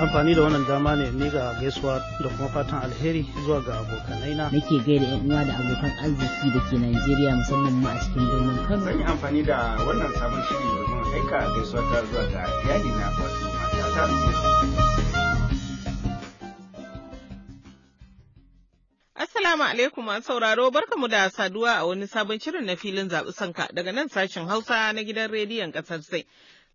amfani da wannan dama ne ni ga gaisuwa da kuma fatan alheri zuwa ga abokanai na nake gaida yan uwa da abokan arziki da ke Najeriya musamman ma a cikin birnin Kano zan yi amfani da wannan sabon shiri domin aika gaisuwa ta zuwa ga iyali na wato Assalamu alaikum masu sauraro barkamu da saduwa a wani sabon shirin na filin zaɓi sanka daga nan sashen Hausa na gidan rediyon ƙasar sai.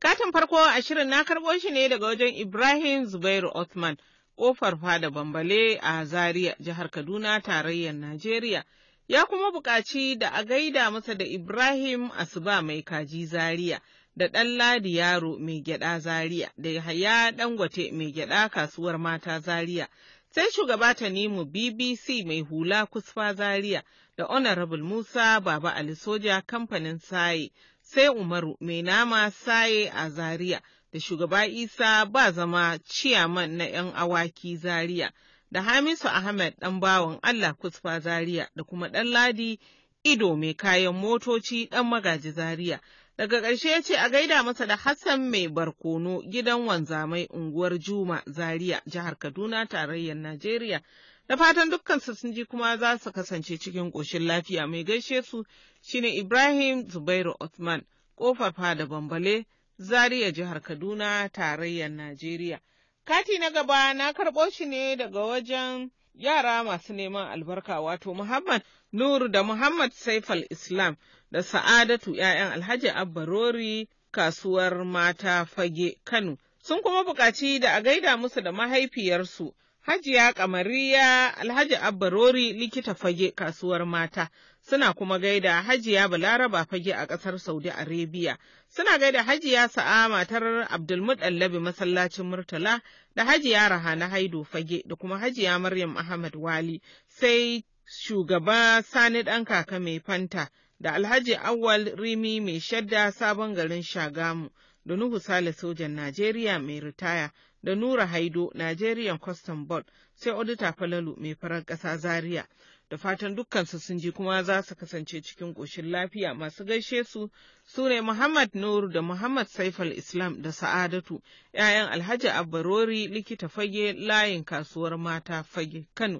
Katin farko a shirin na karɓo shi ne daga wajen Ibrahim Zubairu Othman, ƙofar fada bambale a Zaria, jihar Kaduna, tarayyar Najeriya. Ya kuma buƙaci da a gaida masa da Ibrahim Asuba mai kaji Zaria, da ɗan Ladi Yaro mai gyaɗa Zaria, da Yahaya gwate mai gyaɗa kasuwar mata Zaria. Sai shugaba ta nemo BBC mai hula kusfa Zaria da Honorable Musa Baba Ali Soja kamfanin Saye sai Umaru mai nama saye a Zaria da shugaba Isa ba zama ciyaman na ‘yan awaki Zaria da Hamisu Ahmed ɗan bawan Allah kusfa Zaria da kuma ɗan ladi ido mai kayan motoci ɗan magaji Zaria. Daga ƙarshe ya ce a gaida masa da Hassan mai barkono gidan wanzamai unguwar Juma Zaria jihar Kaduna tarayyar Najeriya. Da fatan dukkansu sun ji kuma za su kasance cikin ƙoshin lafiya mai gaishe su shine Ibrahim Zubairu Othman, ƙofar fada bambale, Zaria jihar Kaduna, tarayyar Najeriya. Kati na gaba na karɓo shi ne daga wajen yara masu neman albarka wato Muhammad Nuru da Muhammad Saifal Islam da Sa'adatu ‘ya'yan Alhaji Abbarori kasuwar mata fage Kano. Sun kuma buƙaci da a gaida musu da mahaifiyarsu Hajiya Kamariya Alhaji Abbarori likita fage kasuwar mata suna kuma gaida Hajiya Balaraba fage a ƙasar Saudi Arabia suna gaida Hajiya Sa'a matar Abdulmuɗallabi masallacin Murtala da Hajiya Rahana Haido fage da kuma Hajiya Maryam Ahmad Wali sai shugaba Sani ɗan kaka mai fanta da Alhaji Awal Rimi mai shadda sabon garin Shagamu da Nuhu Sale sojan Najeriya mai ritaya da Nura Haido, Nigerian Custom Board, sai Odita Falalu mai farar ƙasa Zaria. Da fatan dukkansu sun ji kuma za su kasance cikin ƙoshin lafiya masu gaishe su su ne Muhammad Nuru da Muhammad Saifal Islam da Sa'adatu, ‘ya'yan Alhaji Abbarori likita fage layin kasuwar mata fage Kano.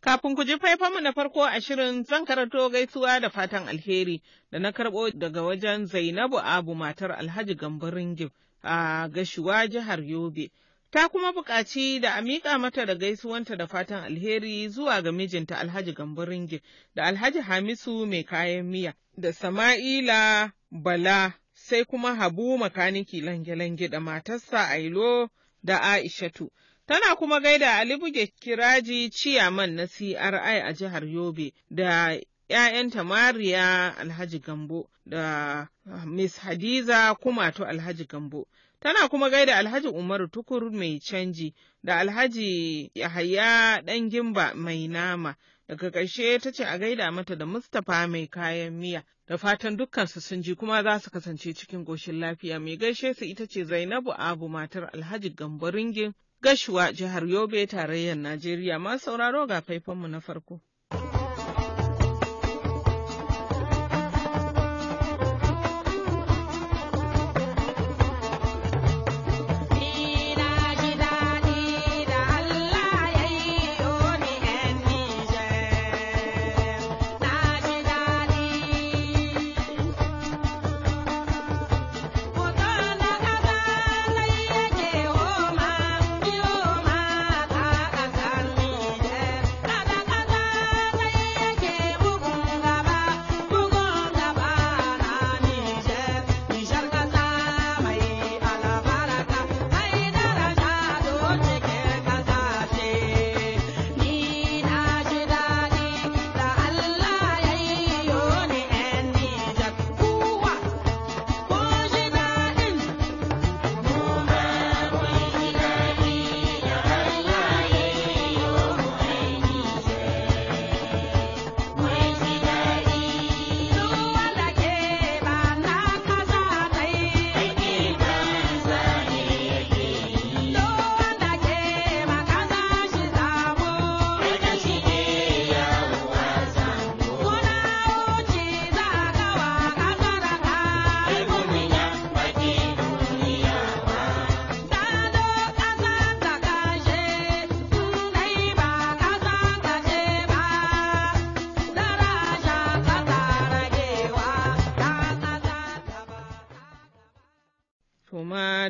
Kafin ku ji faifanmu na farko a shirin zan karanto gaisuwa da fatan alheri da na karɓo daga wajen Zainabu Abu matar Alhaji Gambarin Gib a gashuwa jihar Yobe. ta kuma buƙaci da a miƙa mata da gaisuwanta da fatan alheri zuwa ga mijinta Alhaji Gambaringe da Alhaji Hamisu mai kayan miya da Sama'ila Bala sai kuma Habu makaniki lange-lange da matarsa Ailo da Aishatu. Tana kuma gaida Ali Buge Kiraji Ciyaman na CRI a jihar Yobe da ‘ya'yanta Mariya Alhaji Gambo da ah, Miss Hadiza Kumato Alhaji Gambo. Tana kuma gaida Alhaji Umaru Tukur mai canji da Alhaji Yahaya ɗan gimba mai nama. Daga ƙarshe ta ce a gaida mata da Mustapha mai kayan miya, da fatan dukkansu sun ji kuma za su kasance cikin goshin lafiya mai gaishe su ita ce Zainabu Abu matar Alhaji Gambo Ringin gashuwa jihar Yobe tarayyar Najeriya masu sauraro ga faifanmu na farko.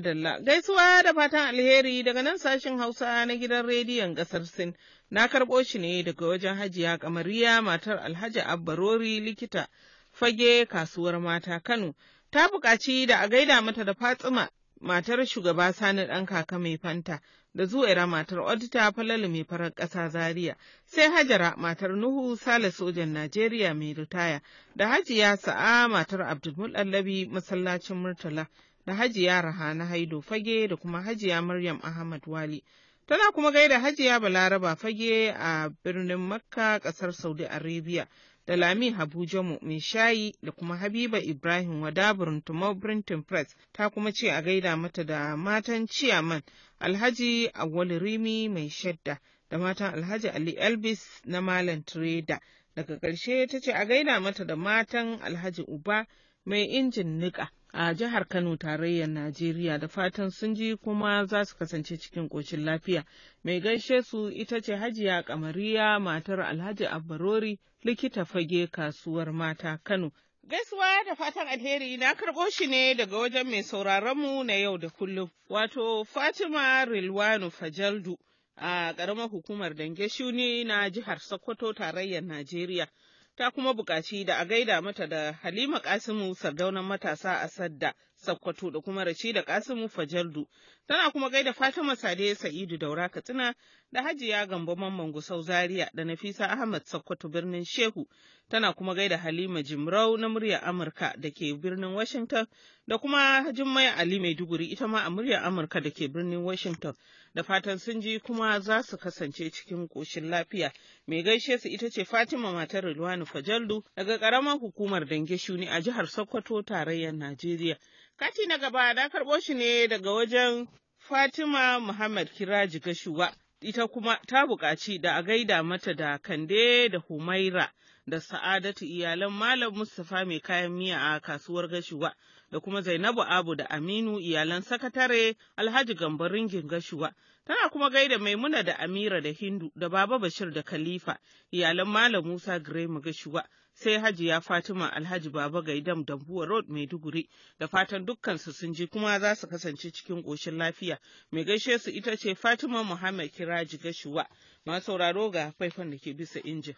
Dalla. Gaisuwa da fatan alheri daga nan sashen Hausa na gidan rediyon ƙasar Sin. Na karɓo shi ne daga wajen Hajiya Kamariya matar Alhaji Abbarori likita fage kasuwar mata Kano. Ta buƙaci da a gaida mata da Fatsima matar shugaba Sani ɗan kaka mai fanta da zuwaira matar Odita Falalu mai farar ƙasa Zaria, sai Hajara matar Nuhu Sale sojan Najeriya mai ritaya da Hajiya Sa'a matar Abdulmullabi masallacin Murtala da Hajiya Rahana Haido Fage da kuma Hajiya Maryam Ahmad Wali. Tana kuma gaida Hajiya Balaraba Fage a birnin Makka ƙasar Saudi Arabia da Lami Jamu mai shayi da kuma Habiba Ibrahim Wadaburin Tumau Printing Press ta kuma ce a gaida mata da matan ciyaman Alhaji Awali Rimi mai shadda da matan Alhaji Ali Elvis na Malam Trader. Daga ƙarshe ta ce a gaida mata da matan Alhaji Uba mai injin niƙa a jihar Kano tarayyar Najeriya da fatan sun ji kuma za su kasance cikin ƙoshin lafiya. Mai gaishe su ita ce Hajiya Kamariya matar Alhaji Abbarori likita fage kasuwar mata Kano. Gaisuwa da fatan alheri na karɓo shi ne daga wajen mai sauraronmu na yau da kullum, wato Fatima Rilwanu Fajaldu a ƙaramar hukumar Dange Shuni na jihar Sokoto tarayyar Najeriya. ta kuma buƙaci da a gaida mata da Halima Kasimu sardaunan matasa a Sadda Sakkwato da kuma da Kasimu Fajardu. Tana kuma gaida Fatima Sade Sa'idu Daura Katsina da Hajiya Gambo Mamman Gusau Zaria da Nafisa Ahmad Sakkwato birnin Shehu. Tana kuma gaida Halima Jimrau na muryar Amurka da ke birnin Washington da kuma Jummai Ali Maiduguri ita ma a muryar Amurka da ke birnin Washington. Da fatan sun ji kuma za su kasance cikin ƙoshin lafiya. Mai gaishe su ita ce Fatima matar Rilwani Fajaldu daga ƙaramar hukumar dangeshu ne a jihar Sokoto tarayyar Najeriya. Kati na gaba na karɓo shi ne daga wajen Fatima Muhammad Kiraji Gashuwa, ita kuma ta buƙaci da a gaida mata da Kande da Humaira da Sa'adatu iyalan Malam Mustapha mai kayan miya a kasuwar Gashuwa da kuma Zainabu Abu da Aminu iyalan sakatare Alhaji Gambo Gashuwa. Tana kuma gaida Maimuna da Amira da Hindu da Baba Bashir da Khalifa iyalan Malam Musa Girema Gashuwa sai Hajiya Fatima Alhaji Baba Gaidam Dambuwa Road duguri, da fatan dukkansu sun ji kuma za su kasance cikin ƙoshin lafiya. Mai gaishe su ita ce Fatima Muhammad Kiraji Gashuwa. Masu sauraro ga faifan da ke bisa injin.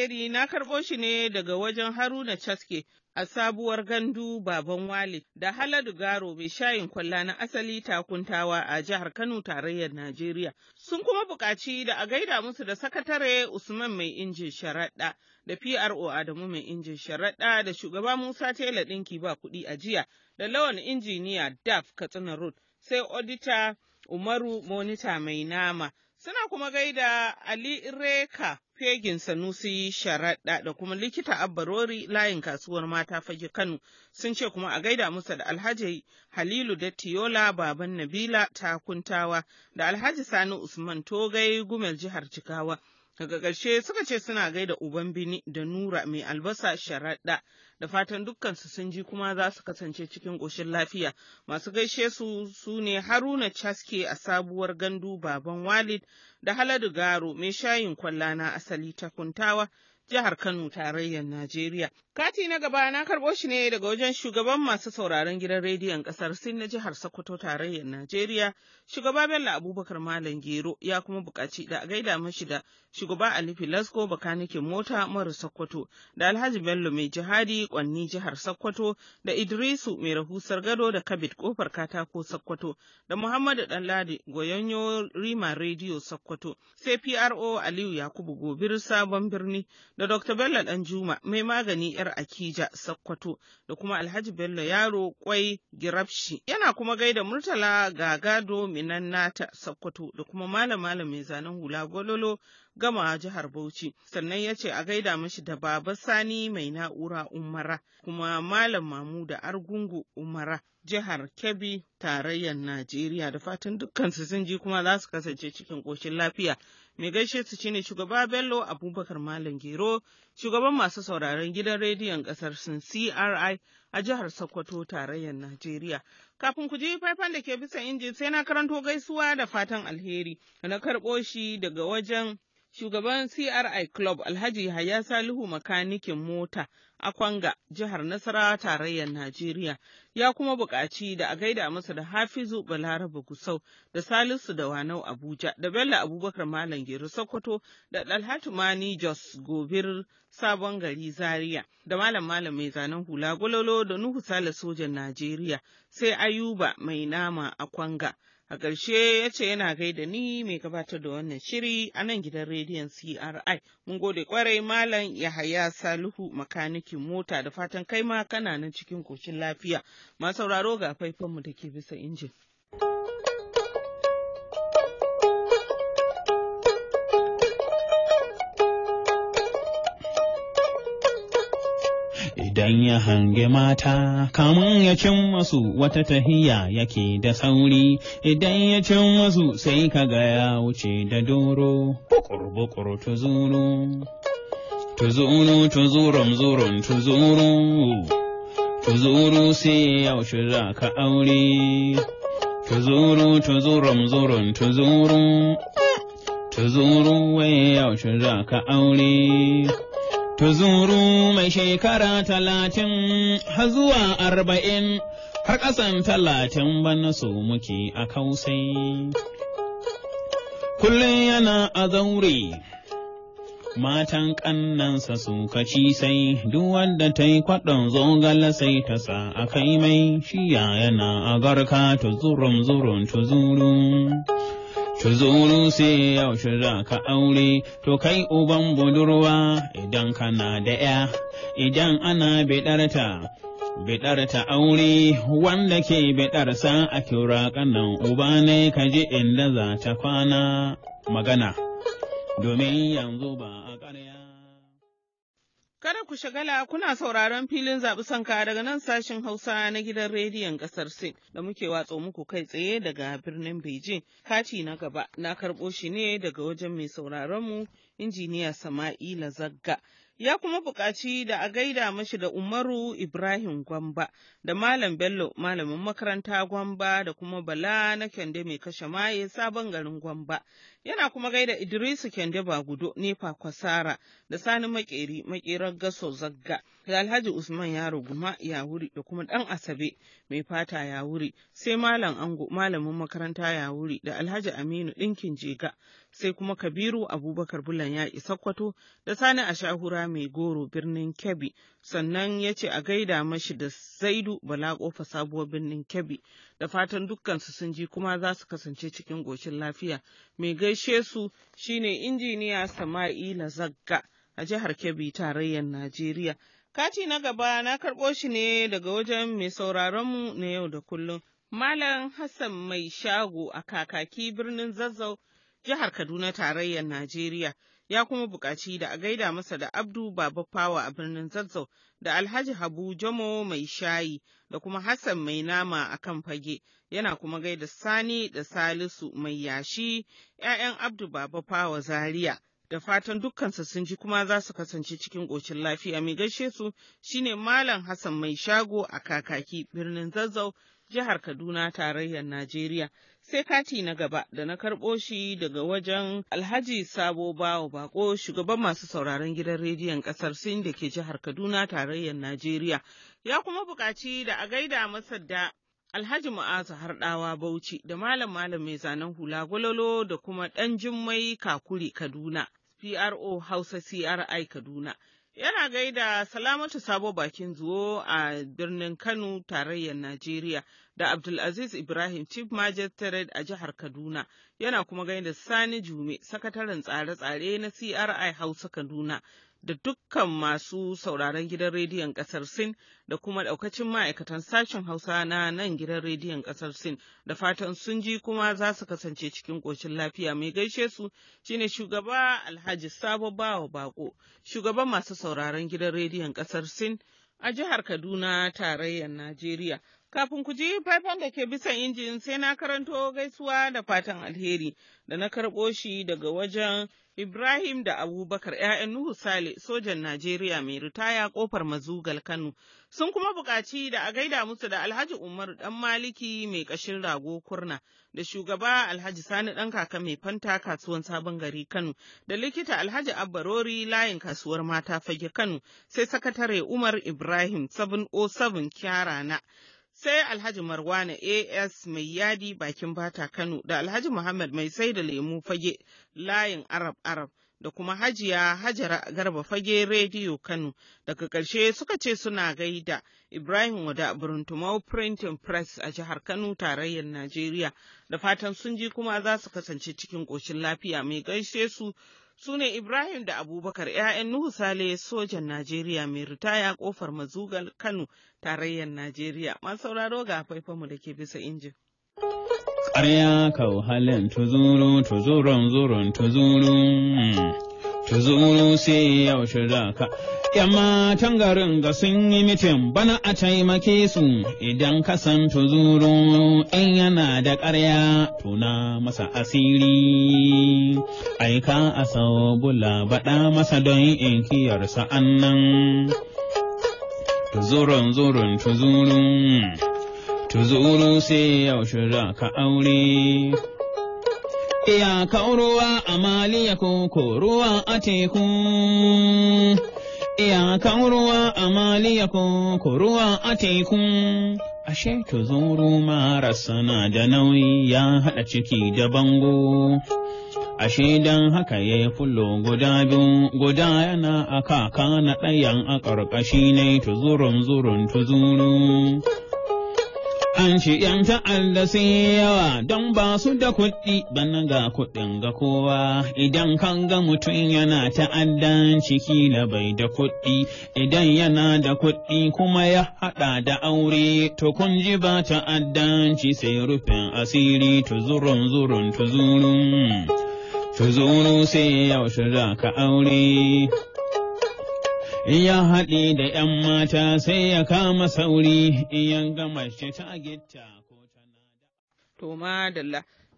alheri na karbo shi ne daga wajen Haruna Chaske a sabuwar gandu baban wale da Haladu Garo mai shayin kwalla na asali takuntawa a jihar Kano tarayyar Najeriya. Sun kuma buƙaci da a gaida musu da sakatare Usman mai injin sharaɗa da PRO Adamu mai injin sharaɗa da shugaba Musa Tela ɗinki ba kuɗi a jiya da lawan injiniya Daf Katsina Road sai odita Umaru Monita mai nama. Suna kuma gaida Ali Reka fegin Sanusi Sharaɗa da kuma likita Abbarori layin kasuwar mata fage Kano sun ce kuma a gaida musa da Alhaji Halilu da Tiyola Baban Nabila ta kuntawa da Alhaji Sani Usman Togai Gumel jihar Jigawa Daga ƙarshe suka ce suna gaida uban bini da Nura mai albasa sharaɗa da fatan dukkansu sun ji kuma za su kasance cikin ƙoshin lafiya. Masu gaishe su su ne Haruna Chaske a sabuwar gandu baban Walid da Haladu Garo mai shayin kwallana asali ta kuntawa jihar Kano tarayyar Najeriya. Kati na gaba na karɓo shi ne daga wajen shugaban masu sauraron gidan rediyon ƙasar Sin na jihar Sokoto tarayyar Najeriya, shugaba Bello Abubakar Malam Gero ya kuma buƙaci da a gaida mashi da shugaba Ali Filasko bakanikin mota mara Sokoto da Alhaji Bello mai jihadi kwanni jihar Sokoto da Idrisu mai rahusar gado da Kabit kofar katako Sokoto da Muhammadu Danladi goyonyo Rima Rediyo Sokoto sai PRO Aliyu Yakubu Gobir sabon birni da Dr. Bello Danjuma mai magani 'yar Akija Sakkwato da kuma Alhaji Bello Yaro Kwai Girabshi. Yana kuma gaida Murtala Gagado Minannata Sakkwato da kuma Malam Malam mai zanen hula Gololo gama jihar Bauchi. Sannan ya ce a gaida mashi da Baba Sani mai na'ura Umara kuma Malam da Argungu Umara jihar Kebbi tarayyar Najeriya da fatan dukkan su sun ji kuma za su kasance cikin ƙoshin lafiya. Mai gaishe su shine shugaba Bello Abubakar Malam Gero, shugaban masu sauraron gidan rediyon kasar sun CRI a jihar Sokoto tarayyar Najeriya. Kafin ku ji faifan da ke bisa injin, sai na karanto gaisuwa da fatan alheri, na karɓo shi daga wajen shugaban CRI Club Alhaji Haya Salihu makanikin mota a Kwanga, jihar Nasarawa tarayyar Najeriya, ya kuma buƙaci da a gaida masa da Hafizu Balarabe Gusau da Salisu da Wanau Abuja da Bello Abubakar Malam Gero Sokoto da Dalhatu Mani Jos Gobir Sabon Gari Zaria da Malam Malam Mai Zanen Hula gwalolo da Nuhu Sale Sojan Najeriya sai Ayuba Mai Nama a Kwanga. A ƙarshe ya ce yana gaida ni mai gabatar da wannan shiri a nan gidan rediyon CRI. Mun gode kwarai Malam Yahaya Salihu makanikin mota da fatan kai ma kana nan cikin ƙoshin lafiya. Ma sauraro ga faifanmu da ke bisa injin. idan ya hange mata kamun ya cin masu wata tahiya yake da sauri idan ya cin masu sai kaga ya wuce da doro bukur bukur tuzuru tuzuru tuzurum zurum tuzuru tuzuru sai yaushe za ka aure tuzuru tuzuru zurum tuzuru tuzuru wai yaushe za ka aure tuzuru mai shekara talatin har zuwa arba'in har ƙasan talatin bana so muke a kausai. Kullum yana a zaure, matan ƙannansa su kaci sai, duk wanda ta yi kwaɗon zogala sai ta sa a kai mai, shiya yana a garka tuzurum zurun tuzuru. Tuzuru sai yaushe za ka aure, to kai uban budurwa idan kana da ‘ya, idan ana biɗarta. Biɗar aure wanda ke biɗarsa a kira kanan uba ne ka ji inda za ta kwana magana, domin yanzu ba a ƙarya. Kada ku shagala kuna sauraron filin zaɓi sanka daga nan sashin Hausa na gidan rediyon ƙasar Sin da muke watsa muku kai tsaye daga birnin Beijing. Kati na gaba na karɓo shi ne daga wajen mai sauraronmu injiniya Sama'ila Zagga. ya kuma buƙaci da a gaida mashi da Umaru Ibrahim Gwamba da Malam Bello malamin makaranta Gwamba da kuma Bala na Kyande mai kashe maye sabon garin Gwamba. Yana kuma gaida Idrisu Kyande Bagudo Nefa Kwasara da Sani Makeri Makerar Gaso Zagga da Alhaji Usman Yaro Guma wuri da kuma ɗan Asabe mai fata ya wuri, sai Malam Ango malamin makaranta ya wuri da Alhaji Aminu Ɗinkin Jega sai kuma Kabiru Abubakar Bulan ya isa kwato da Sani a Ashahura mai goro birnin Kebbi sannan ya ce a gaida mashi da Zaidu Bala kofa sabuwar birnin Kebbi da fatan dukkansu sun ji kuma za su kasance cikin goshin lafiya mai gaishe su shine injiniya Sama'ila Zagga a jihar Kebbi tarayyar Najeriya. Kati na gaba na karɓo shi ne daga wajen mai sauraronmu na yau da kullum. Malam Hassan mai shago a kakaki birnin Zazzau jihar Kaduna tarayyar Najeriya ya kuma buƙaci da a gaida masa da Abdu Baba Fawa a birnin Zazzau da Alhaji Habu Jamo mai shayi da kuma Hassan mai nama a kan fage yana kuma gaida Sani da Salisu mai yashi ‘ya'yan Abdu Baba Fawa Zaria. Da fatan dukkansa sun ji kuma za su kasance cikin ƙoshin lafiya mai gaishe su shine Malam Hassan mai shago a kakaki birnin Zazzau jihar Kaduna tarayyar Najeriya. sai kati na gaba da na karɓo shi daga wajen Alhaji Sabo Bawo Bako shugaban masu sauraron gidan rediyon ƙasar Sin da ke jihar Kaduna tarayyar Najeriya. Ya kuma buƙaci da a gaida masa da Alhaji Ma'azu Harɗawa Bauchi da Malam Malam mai zanen hula gwalolo da kuma ɗan Jummai Kakuri Kaduna, PRO Hausa CRI Kaduna. yana gaida salamatu sabo bakin zuwo a birnin kano tarayyar najeriya da Abdulaziz Ibrahim Chief Magistrate a jihar Kaduna, yana kuma da Sani Jume, sakataren tsare-tsare na CRI Hausa Kaduna, da dukkan masu sauraron gidan rediyon ƙasar Sin da kuma ɗaukacin ma'aikatan sashen Hausa na nan gidan rediyon ƙasar Sin da fatan sun ji kuma za su kasance cikin ƙoshin lafiya mai gaishe su shine shugaba Alhaji Sabo Bawa Bako, shugaban masu sauraron gidan rediyon ƙasar Sin a jihar Kaduna tarayyar Najeriya. Kafin ku ji faifan da ke bisan injin sai na karanto gaisuwa da fatan alheri da na karɓo shi daga wajen Ibrahim da Abubakar ‘ya'yan Nuhu Sale sojan Najeriya mai ritaya kofar mazugal Kano sun kuma buƙaci da a gaida musu da Alhaji Umaru ɗan Maliki mai ƙashin rago kurna da shugaba Alhaji Sani ɗan kaka mai fanta kasuwan sabon gari Kano da likita Alhaji Abbarori layin kasuwar mata fage Kano sai sakatare Umar Ibrahim 707 kyara na. sai Alhaji Marwana AS mai yadi bakin bata Kano da Alhaji Muhammad mai sai da lemu fage layin Arab Arab da kuma Hajiya Hajara Garba fage rediyo Kano daga ƙarshe suka ce suna gaida Ibrahim Wada Buruntumau Printing Press a jihar Kano tarayyar Najeriya da fatan sun ji kuma za su kasance cikin ƙoshin lafiya mai gaishe su su ne Ibrahim da Abubakar 'ya'yan Nuhu Sale sojan Najeriya mai ritaya ƙofar mazugal Kano tarayyar Najeriya. Masu sauraro ga faifanmu da ke bisa injin. Ƙarya kau halin tuzuru tuzurun zurun tuzurun. tuzuru sai yaushe raka. ‘Yan matan garin ga sun yi mitin bana a taimake su idan kasan san tuzuru in yana da ƙarya tuna masa asiri. Aika a sabula baɗa masa don in kiyarsa annan. Tuzurun zurun tuzurun, tuzuru sai yaushe raka aure. Iyakar ruwa a maliya ko ruwa a teku. Iyakan ruwa a maliya ko ruwa a teku. Ashe tuzuru zuru marasa na da nauyi ya haɗa ciki da bango. Ashe don haka ya fulo guda biyu guda yana a kaka na ɗayan a ƙarƙashi ne tuzurun zurun tuzuru. an shi ‘yan ta'alla sun yawa don ba su da kuɗi bana ga kuɗin ga kowa idan kan ga mutum yana ta'addan ciki na bai da kuɗi idan yana da kuɗi kuma ya haɗa da aure to kun ji ba ta'addanci sai rufin asiri tuzurun zurun tuzurun zurun sai yaushe za ka aure. ya haɗe da ‘yan mata sai ya kama sauri in gama shi ta gitta ko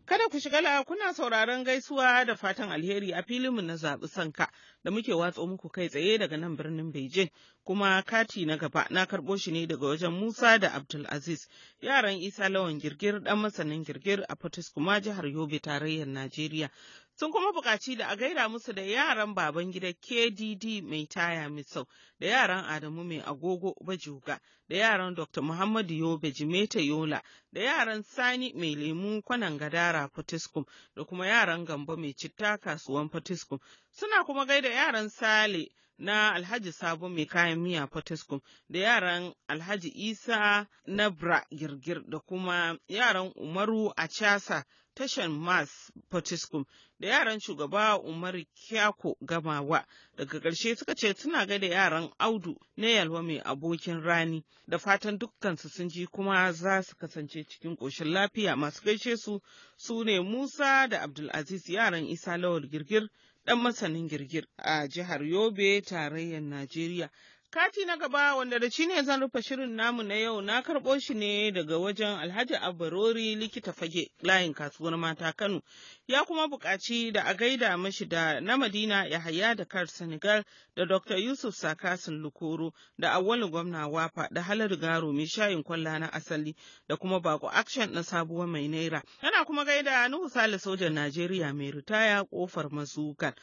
kada ku shigala kuna sauraron gaisuwa da fatan alheri a filinmu na zaɓi sanka da muke watsa muku kai tsaye daga nan birnin Beijing kuma kati na gaba na karɓo shi ne daga wajen Musa da Abdulaziz yaran Isa Lawan Girgir ɗan masanin Girgir a Fatis kuma jihar Yobe tarayyar Najeriya. sun kuma buƙaci da a gaida musu da yaran baban gida KDD mai taya misau da yaran Adamu mai agogo bajuga da yaran Dr. Muhammadu Yobe Jimeta Yola da yaran Sani mai lemu kwanan gadara Fatiskum da kuma yaran Gambo mai citta kasuwan Fatiskum suna kuma gaida yaran Sale na Alhaji Sabo mai kayan miya Potescom da yaran Alhaji Isa na Bra Girgir da kuma yaran Umaru a Casa tashan Mas Potescom da yaran shugaba Umar Kyako Gamawa daga ƙarshe suka ce suna ga yaran Audu na Yalwa mai abokin rani da fatan dukkansu sun ji kuma za su kasance cikin ƙoshin lafiya masu gaishe su su ne Musa da Abdulaziz yaran Isa Lawal Girgir ɗan masanin girgir a jihar Yobe tarayyar Najeriya Kati na gaba wanda da shi ne zan rufe shirin namu na yau na karɓo shi ne daga wajen Alhaji Abarori likita fage layin kasuwar mata Kano ya kuma buƙaci da a gaida mashi da na Madina Yahaya da Kar Senegal da Dr. Yusuf Sakasin Lukoro da Awwalu Gwamna Wafa da Halar Garo mai shayin kwalla na asali da kuma Bako Action na sabuwar mai naira. Yana kuma gaida Nuhu Sale sojan Najeriya mai ritaya kofar mazukar.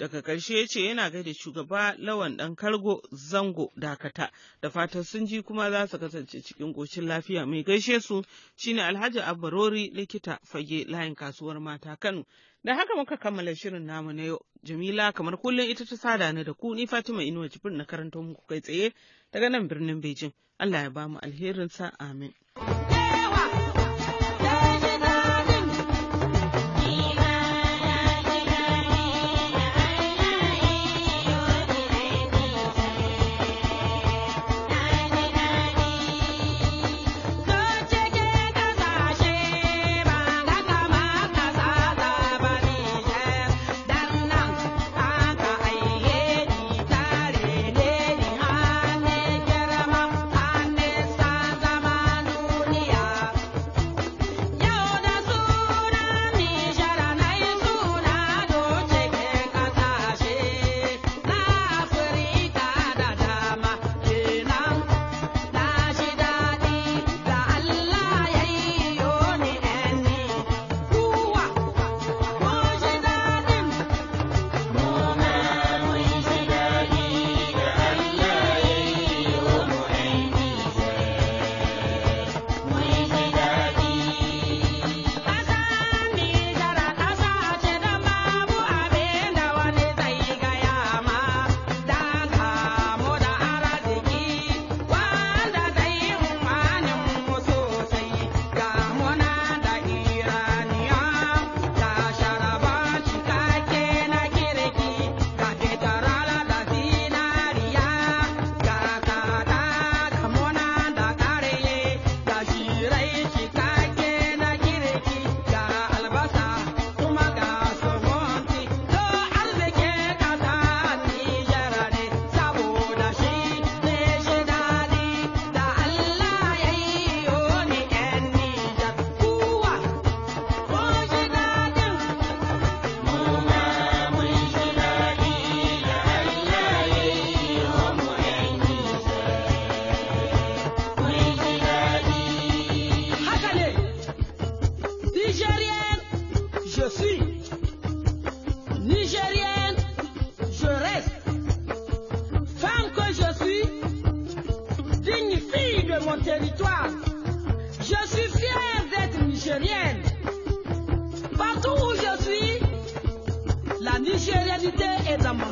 Daga ƙarshe ya ce yana gaida shugaba Lawan ɗan Kargo Zango Dakata da fatan sun ji kuma za su kasance cikin ƙoshin lafiya mai gaishe su shine Alhaji Abbarori likita fage layin kasuwar mata Kano. Da haka muka kammala shirin namu na yau. Jamila kamar kullum ita ta sada na da ku ni Fatima Inuwa Jibrin na karanta muku kai tsaye daga nan birnin Bejin. Allah ya bamu alherinsa amin. Nigérienne, je suis. Nigérienne, je reste. Femme que je suis, digne fille de mon territoire. Je suis fière d'être nigérienne. Partout où je suis, la nigérianité est dans mon